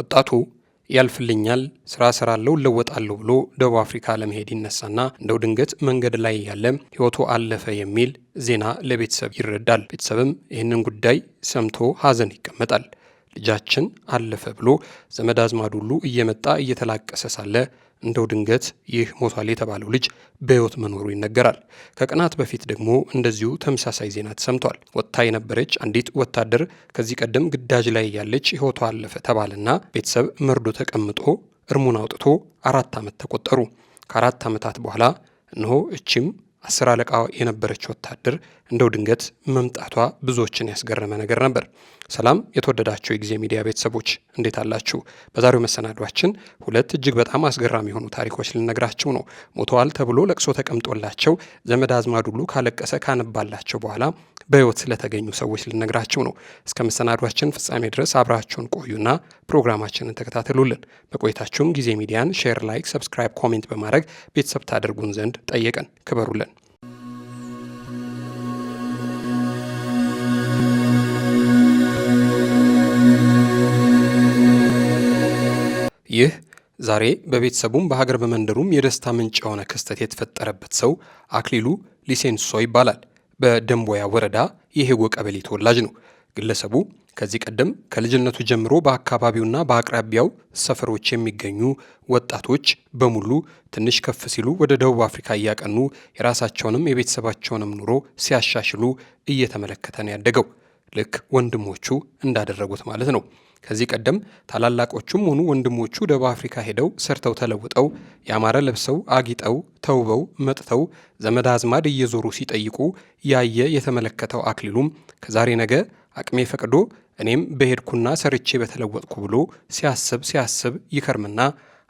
ወጣቱ ያልፍልኛል ስራ ሰራለው እለወጣለሁ ብሎ ደቡብ አፍሪካ ለመሄድ ይነሳና እንደው ድንገት መንገድ ላይ ያለ ህይወቱ አለፈ የሚል ዜና ለቤተሰብ ይረዳል። ቤተሰብም ይህንን ጉዳይ ሰምቶ ሀዘን ይቀመጣል። ልጃችን አለፈ ብሎ ዘመድ አዝማድ ሁሉ እየመጣ እየተላቀሰ ሳለ እንደው ድንገት ይህ ሞቷል የተባለው ልጅ በሕይወት መኖሩ ይነገራል። ከቀናት በፊት ደግሞ እንደዚሁ ተመሳሳይ ዜና ተሰምቷል። ወጥታ የነበረች አንዲት ወታደር ከዚህ ቀደም ግዳጅ ላይ ያለች ሕይወቷ አለፈ ተባለና ቤተሰብ መርዶ ተቀምጦ እርሙን አውጥቶ አራት ዓመት ተቆጠሩ። ከአራት ዓመታት በኋላ እነሆ እቺም አስር አለቃ የነበረች ወታደር እንደው ድንገት መምጣቷ ብዙዎችን ያስገረመ ነገር ነበር። ሰላም የተወደዳቸው የጊዜ ሚዲያ ቤተሰቦች እንዴት አላችሁ? በዛሬው መሰናዷችን ሁለት እጅግ በጣም አስገራሚ የሆኑ ታሪኮች ልነግራቸው ነው። ሞተዋል ተብሎ ለቅሶ ተቀምጦላቸው ዘመድ አዝማድ ሁሉ ካለቀሰ ካነባላቸው በኋላ በህይወት ስለተገኙ ሰዎች ልነግራችሁ ነው። እስከ መሰናዷችን ፍጻሜ ድረስ አብራችሁን ቆዩና ፕሮግራማችንን ተከታተሉልን። በቆይታችሁም ጊዜ ሚዲያን ሼር፣ ላይክ፣ ሰብስክራይብ፣ ኮሜንት በማድረግ ቤተሰብ ታደርጉን ዘንድ ጠየቅን። ክበሩልን። ይህ ዛሬ በቤተሰቡም በሀገር በመንደሩም የደስታ ምንጭ የሆነ ክስተት የተፈጠረበት ሰው አክሊሉ ሊሴንሶ ይባላል። በደንቦያ ወረዳ የሄጎ ቀበሌ ተወላጅ ነው። ግለሰቡ ከዚህ ቀደም ከልጅነቱ ጀምሮ በአካባቢውና በአቅራቢያው ሰፈሮች የሚገኙ ወጣቶች በሙሉ ትንሽ ከፍ ሲሉ ወደ ደቡብ አፍሪካ እያቀኑ የራሳቸውንም የቤተሰባቸውንም ኑሮ ሲያሻሽሉ እየተመለከተ ነው ያደገው። ልክ ወንድሞቹ እንዳደረጉት ማለት ነው። ከዚህ ቀደም ታላላቆቹም ሆኑ ወንድሞቹ ደቡብ አፍሪካ ሄደው ሰርተው ተለውጠው ያማረ ለብሰው አጊጠው ተውበው መጥተው ዘመድ አዝማድ እየዞሩ ሲጠይቁ ያየ የተመለከተው አክሊሉም ከዛሬ ነገ አቅሜ ፈቅዶ እኔም በሄድኩና ሰርቼ በተለወጥኩ ብሎ ሲያስብ ሲያስብ ይከርምና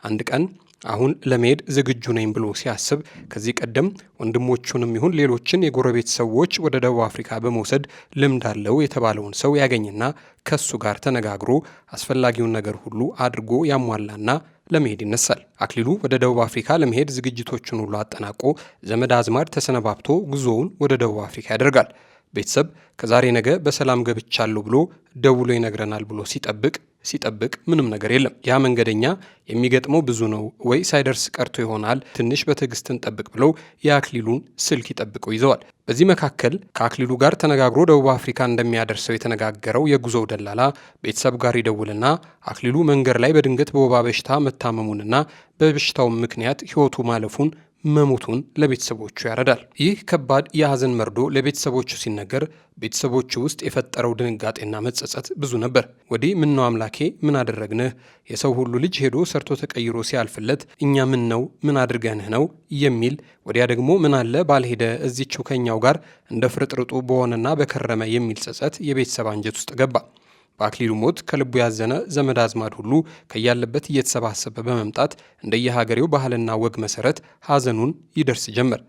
አንድ ቀን አሁን ለመሄድ ዝግጁ ነኝ ብሎ ሲያስብ ከዚህ ቀደም ወንድሞቹንም ይሁን ሌሎችን የጎረቤት ሰዎች ወደ ደቡብ አፍሪካ በመውሰድ ልምድ አለው የተባለውን ሰው ያገኝና ከሱ ጋር ተነጋግሮ አስፈላጊውን ነገር ሁሉ አድርጎ ያሟላና ለመሄድ ይነሳል። አክሊሉ ወደ ደቡብ አፍሪካ ለመሄድ ዝግጅቶችን ሁሉ አጠናቆ ዘመድ አዝማድ ተሰነባብቶ ጉዞውን ወደ ደቡብ አፍሪካ ያደርጋል። ቤተሰብ ከዛሬ ነገ በሰላም ገብቻለሁ ብሎ ደውሎ ይነግረናል ብሎ ሲጠብቅ ሲጠብቅ ምንም ነገር የለም። ያ መንገደኛ የሚገጥመው ብዙ ነው ወይ ሳይደርስ ቀርቶ ይሆናል ትንሽ በትዕግስት እንጠብቅ ብለው የአክሊሉን ስልክ ይጠብቀው ይዘዋል። በዚህ መካከል ከአክሊሉ ጋር ተነጋግሮ ደቡብ አፍሪካ እንደሚያደርሰው የተነጋገረው የጉዞው ደላላ ቤተሰብ ጋር ይደውልና አክሊሉ መንገድ ላይ በድንገት በወባ በሽታ መታመሙንና በበሽታው ምክንያት ሕይወቱ ማለፉን መሞቱን ለቤተሰቦቹ ያረዳል። ይህ ከባድ የሐዘን መርዶ ለቤተሰቦቹ ሲነገር ቤተሰቦቹ ውስጥ የፈጠረው ድንጋጤና መጸጸት ብዙ ነበር። ወዲህ ምን ነው አምላኬ ምን አደረግንህ? የሰው ሁሉ ልጅ ሄዶ ሰርቶ ተቀይሮ ሲያልፍለት እኛ ምን ነው ምን አድርገንህ ነው የሚል ወዲያ ደግሞ ምን አለ ባልሄደ እዚችው ከኛው ጋር እንደ ፍርጥርጡ በሆነና በከረመ የሚል ጸጸት የቤተሰብ አንጀት ውስጥ ገባ። በአክሊሉ ሞት ከልቡ ያዘነ ዘመድ አዝማድ ሁሉ ከያለበት እየተሰባሰበ በመምጣት እንደየሀገሬው ባህልና ወግ መሰረት ሀዘኑን ይደርስ ጀመር።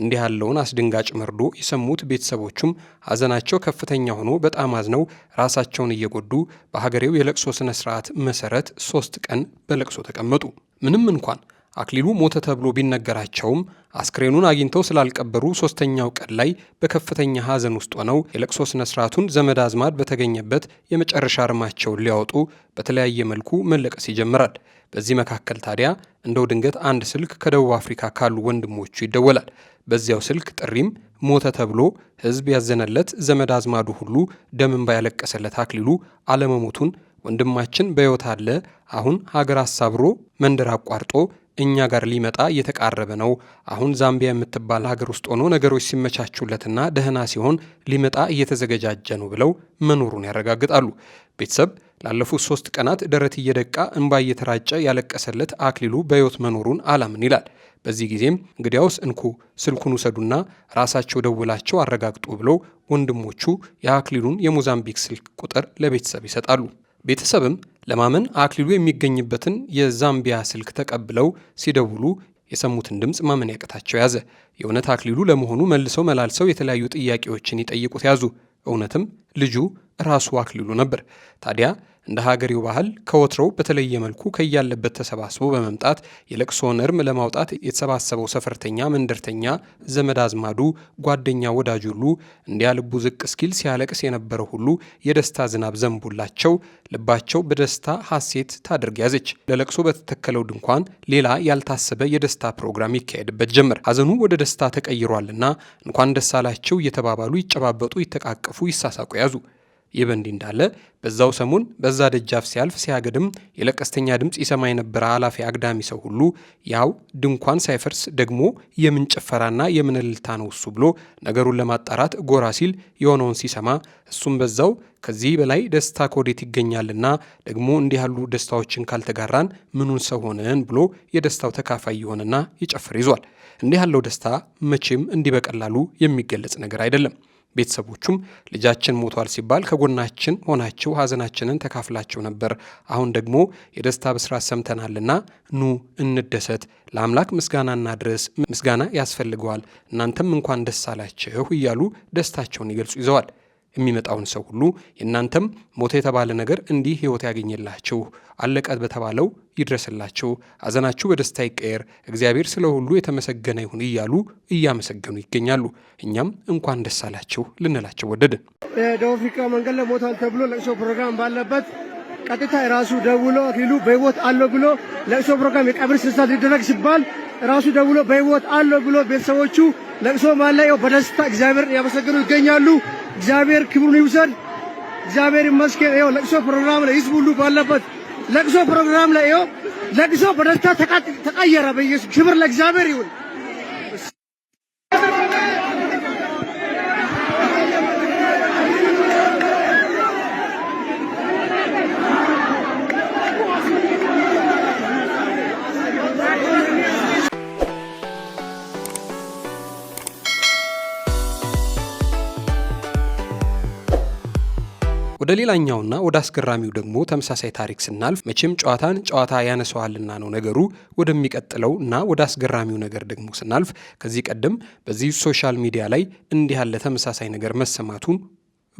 እንዲህ ያለውን አስደንጋጭ መርዶ የሰሙት ቤተሰቦቹም ሀዘናቸው ከፍተኛ ሆኖ በጣም አዝነው ራሳቸውን እየጎዱ በሀገሬው የለቅሶ ስነ ስርዓት መሰረት ሶስት ቀን በለቅሶ ተቀመጡ። ምንም እንኳን አክሊሉ ሞተ ተብሎ ቢነገራቸውም አስክሬኑን አግኝተው ስላልቀበሩ ሶስተኛው ቀን ላይ በከፍተኛ ሐዘን ውስጥ ሆነው የለቅሶ ስነ ስርዓቱን ዘመድ አዝማድ በተገኘበት የመጨረሻ እርማቸውን ሊያወጡ በተለያየ መልኩ መለቀስ ይጀምራል። በዚህ መካከል ታዲያ እንደው ድንገት አንድ ስልክ ከደቡብ አፍሪካ ካሉ ወንድሞቹ ይደወላል። በዚያው ስልክ ጥሪም ሞተ ተብሎ ህዝብ ያዘነለት ዘመድ አዝማዱ ሁሉ ደምን ባያለቀሰለት አክሊሉ አለመሞቱን ወንድማችን በሕይወት አለ፣ አሁን ሀገር አሳብሮ መንደር አቋርጦ እኛ ጋር ሊመጣ እየተቃረበ ነው። አሁን ዛምቢያ የምትባል ሀገር ውስጥ ሆኖ ነገሮች ሲመቻቹለትና ደህና ሲሆን ሊመጣ እየተዘገጃጀ ነው ብለው መኖሩን ያረጋግጣሉ። ቤተሰብ ላለፉት ሶስት ቀናት ደረት እየደቃ እንባ እየተራጨ ያለቀሰለት አክሊሉ በሕይወት መኖሩን አላምን ይላል። በዚህ ጊዜም እንግዲያውስ እንኩ ስልኩን ውሰዱና ራሳቸው ደውላቸው አረጋግጡ ብሎ ወንድሞቹ የአክሊሉን የሞዛምቢክ ስልክ ቁጥር ለቤተሰብ ይሰጣሉ። ቤተሰብም ለማመን አክሊሉ የሚገኝበትን የዛምቢያ ስልክ ተቀብለው ሲደውሉ የሰሙትን ድምፅ ማመን ያቅታቸው ያዘ። የእውነት አክሊሉ ለመሆኑ መልሰው መላልሰው የተለያዩ ጥያቄዎችን ይጠይቁት ያዙ። እውነትም ልጁ ራሱ አክሊሉ ነበር። ታዲያ እንደ ሀገሬው ባህል ከወትሮው በተለየ መልኩ ከያለበት ተሰባስቦ በመምጣት የለቅሶን እርም ለማውጣት የተሰባሰበው ሰፈርተኛ፣ መንደርተኛ፣ ዘመድ አዝማዱ፣ ጓደኛ፣ ወዳጅ ሁሉ እንዲያ ልቡ ዝቅ እስኪል ሲያለቅስ የነበረ ሁሉ የደስታ ዝናብ ዘንቡላቸው ልባቸው በደስታ ሐሴት ታድርግ ያዘች። ለለቅሶ በተተከለው ድንኳን ሌላ ያልታሰበ የደስታ ፕሮግራም ይካሄድበት ጀመር። ሀዘኑ ወደ ደስታ ተቀይሯልና እንኳን ደስ አላቸው እየተባባሉ ይጨባበጡ፣ ይተቃቀፉ፣ ይሳሳቁ ያዙ። ይህ በእንዲህ እንዳለ በዛው ሰሙን በዛ ደጃፍ ሲያልፍ ሲያገድም የለቀስተኛ ድምፅ ይሰማ የነበረ ኃላፊ አግዳሚ ሰው ሁሉ ያው ድንኳን ሳይፈርስ ደግሞ የምን ጭፈራና የምን እልልታ ነው እሱ ብሎ ነገሩን ለማጣራት ጎራ ሲል የሆነውን ሲሰማ እሱም በዛው ከዚህ በላይ ደስታ ከወዴት ይገኛልና ደግሞ እንዲህ ያሉ ደስታዎችን ካልተጋራን ምኑን ሰው ሆነን ብሎ የደስታው ተካፋይ ይሆንና ይጨፍር ይዟል። እንዲህ ያለው ደስታ መቼም እንዲህ በቀላሉ የሚገለጽ ነገር አይደለም። ቤተሰቦቹም ልጃችን ሞቷል ሲባል ከጎናችን ሆናችሁ ሐዘናችንን ተካፍላችሁ ነበር፣ አሁን ደግሞ የደስታ ብስራት ሰምተናልና ኑ እንደሰት፣ ለአምላክ ምስጋናና ድረስ ምስጋና ያስፈልገዋል፣ እናንተም እንኳን ደስ አላችሁ እያሉ ደስታቸውን ይገልጹ ይዘዋል። የሚመጣውን ሰው ሁሉ የእናንተም ሞተ የተባለ ነገር እንዲህ ሕይወት ያገኘላችሁ፣ አለቀ በተባለው ይድረስላችሁ፣ ሐዘናችሁ በደስታ ይቀየር፣ እግዚአብሔር ስለ ሁሉ የተመሰገነ ይሁን እያሉ እያመሰገኑ ይገኛሉ። እኛም እንኳን ደስ አላችሁ ልንላቸው ወደድን። ደቡብ አፍሪካ መንገድ ላይ ሞቷል ተብሎ ለቅሶ ፕሮግራም ባለበት ቀጥታ የራሱ ደውሎ አክሊሉ በሕይወት አለ ብሎ ለቅሶ ፕሮግራም የቀብር ስነስርዓት ሊደረግ ሲባል ራሱ ደውሎ በሕይወት አለ ብሎ ቤተሰቦቹ ለቅሶ ማለየው በደስታ እግዚአብሔር ያመሰግኑ ይገኛሉ። እግዚአብሔር ክብሩን ይውሰድ። እግዚአብሔር ይመስገን። ይኸው ለቅሶ ፕሮግራም ላይ ህዝብ ሁሉ ባለበት ለቅሶ ፕሮግራም ላይ ይኸው ለቅሶ በደስታ ተቃየረ። በኢየሱስ ክብር ለእግዚአብሔር ይሁን። ወደ ሌላኛውና ወደ አስገራሚው ደግሞ ተመሳሳይ ታሪክ ስናልፍ መቼም ጨዋታን ጨዋታ ያነሰዋልና ነው ነገሩ። ወደሚቀጥለው እና ወደ አስገራሚው ነገር ደግሞ ስናልፍ ከዚህ ቀደም በዚህ ሶሻል ሚዲያ ላይ እንዲህ ያለ ተመሳሳይ ነገር መሰማቱን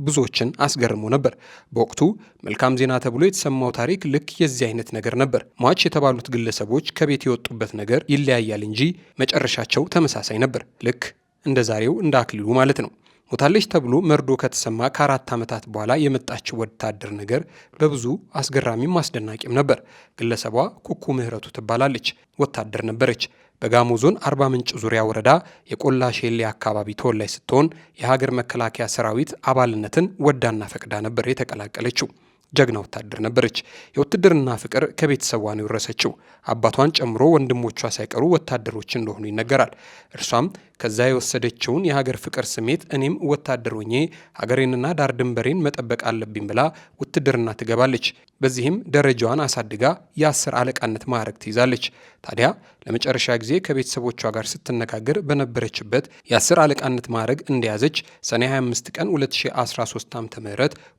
ብዙዎችን አስገርሞ ነበር። በወቅቱ መልካም ዜና ተብሎ የተሰማው ታሪክ ልክ የዚህ አይነት ነገር ነበር። ሟች የተባሉት ግለሰቦች ከቤት የወጡበት ነገር ይለያያል እንጂ መጨረሻቸው ተመሳሳይ ነበር። ልክ እንደ ዛሬው እንደ አክሊሉ ማለት ነው። ሞታለች ተብሎ መርዶ ከተሰማ ከአራት ዓመታት በኋላ የመጣችው ወታደር ነገር በብዙ አስገራሚም አስደናቂም ነበር። ግለሰቧ ኩኩ ምህረቱ ትባላለች። ወታደር ነበረች። በጋሞ ዞን አርባ ምንጭ ዙሪያ ወረዳ የቆላ ሼሌ አካባቢ ተወላጅ ስትሆን የሀገር መከላከያ ሰራዊት አባልነትን ወዳና ፈቅዳ ነበር የተቀላቀለችው። ጀግና ወታደር ነበረች። የውትድርና ፍቅር ከቤተሰቧ ነው የወረሰችው። አባቷን ጨምሮ ወንድሞቿ ሳይቀሩ ወታደሮች እንደሆኑ ይነገራል። እርሷም ከዛ የወሰደችውን የሀገር ፍቅር ስሜት እኔም ወታደር ሆኜ ሀገሬንና ዳር ድንበሬን መጠበቅ አለብኝ ብላ ውትድርና ትገባለች። በዚህም ደረጃዋን አሳድጋ የአስር አለቃነት ማዕረግ ትይዛለች። ታዲያ ለመጨረሻ ጊዜ ከቤተሰቦቿ ጋር ስትነጋገር በነበረችበት የአስር አለቃነት ማዕረግ እንደያዘች ሰኔ 25 ቀን 2013 ዓ ም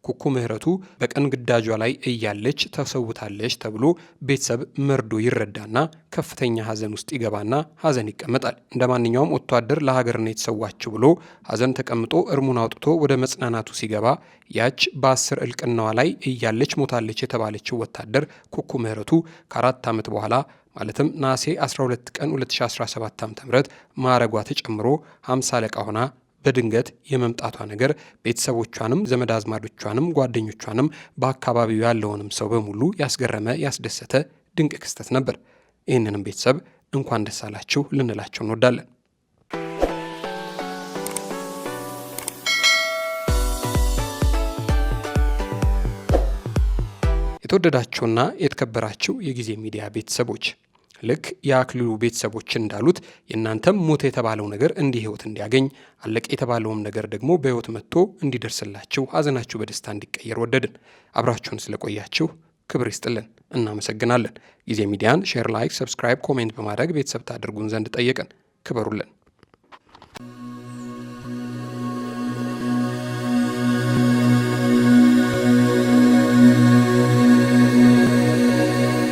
ኩኩ ምህረቱ በቀን ግዳጇ ላይ እያለች ተሰውታለች ተብሎ ቤተሰብ መርዶ ይረዳና ከፍተኛ ሀዘን ውስጥ ይገባና ሀዘን ይቀመጣል። እንደ ማንኛውም ወታደ ወታደር ለሀገር የተሰዋች ብሎ ሀዘን ተቀምጦ እርሙን አውጥቶ ወደ መጽናናቱ ሲገባ ያች በአስር እልቅናዋ ላይ እያለች ሞታለች የተባለችው ወታደር ኩኩ ምህረቱ ከአራት ዓመት በኋላ ማለትም ነሐሴ 12 ቀን 2017 ዓ.ም ማዕረጓ ተጨምሮ 50 አለቃ ሆና በድንገት የመምጣቷ ነገር ቤተሰቦቿንም ዘመድ አዝማዶቿንም ጓደኞቿንም በአካባቢው ያለውንም ሰው በሙሉ ያስገረመ ያስደሰተ ድንቅ ክስተት ነበር። ይህንንም ቤተሰብ እንኳን ደስ አላችሁ ልንላቸው እንወዳለን። የተወደዳችሁና የተከበራችሁ የጊዜ ሚዲያ ቤተሰቦች ልክ የአክሊሉ ቤተሰቦች እንዳሉት የእናንተም ሞተ የተባለው ነገር እንዲህ ህይወት እንዲያገኝ አለቀ የተባለውም ነገር ደግሞ በህይወት መጥቶ እንዲደርስላችሁ ሐዘናችሁ በደስታ እንዲቀየር ወደድን። አብራችሁን ስለቆያችሁ ክብር ይስጥልን፣ እናመሰግናለን። ጊዜ ሚዲያን ሼር፣ ላይክ፣ ሰብስክራይብ፣ ኮሜንት በማድረግ ቤተሰብ ታደርጉን ዘንድ ጠየቅን። ክበሩልን።